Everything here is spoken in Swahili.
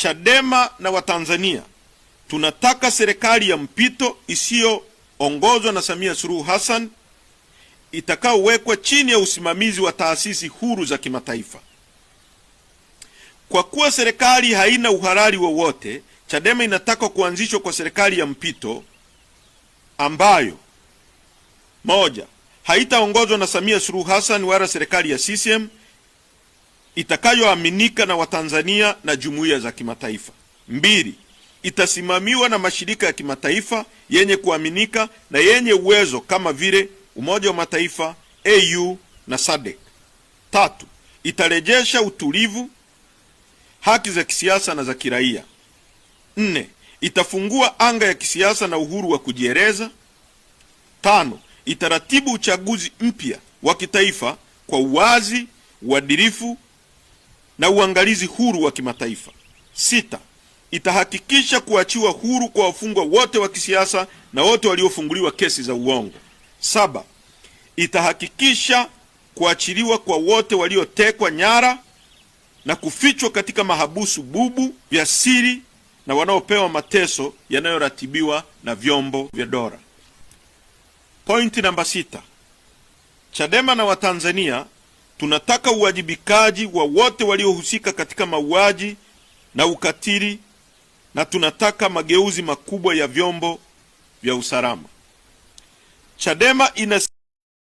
Chadema na Watanzania tunataka serikali ya mpito isiyoongozwa na Samia Suluhu Hassan itakayowekwa chini ya usimamizi wa taasisi huru za kimataifa. Kwa kuwa serikali haina uhalali wowote, Chadema inataka kuanzishwa kwa serikali ya mpito ambayo moja, haitaongozwa na Samia Suluhu Hassan wala serikali ya CCM itakayoaminika na Watanzania na jumuiya za kimataifa. Mbili, itasimamiwa na mashirika ya kimataifa yenye kuaminika na yenye uwezo kama vile Umoja wa Mataifa, AU na SADC. Tatu, itarejesha utulivu, haki za kisiasa na za kiraia. Nne, itafungua anga ya kisiasa na uhuru wa kujieleza. Tano, itaratibu uchaguzi mpya wa kitaifa kwa uwazi, uadilifu na uangalizi huru wa kimataifa. Sita, itahakikisha kuachiwa huru kwa wafungwa wote wa kisiasa na wote waliofunguliwa kesi za uongo. Saba, itahakikisha kuachiliwa kwa wote waliotekwa nyara na kufichwa katika mahabusu bubu vya siri na wanaopewa mateso yanayoratibiwa na vyombo vya dola. Pointi namba sita. Chadema na Watanzania Tunataka uwajibikaji wa wote waliohusika katika mauaji na ukatili na tunataka mageuzi makubwa ya vyombo vya usalama. Chadema ina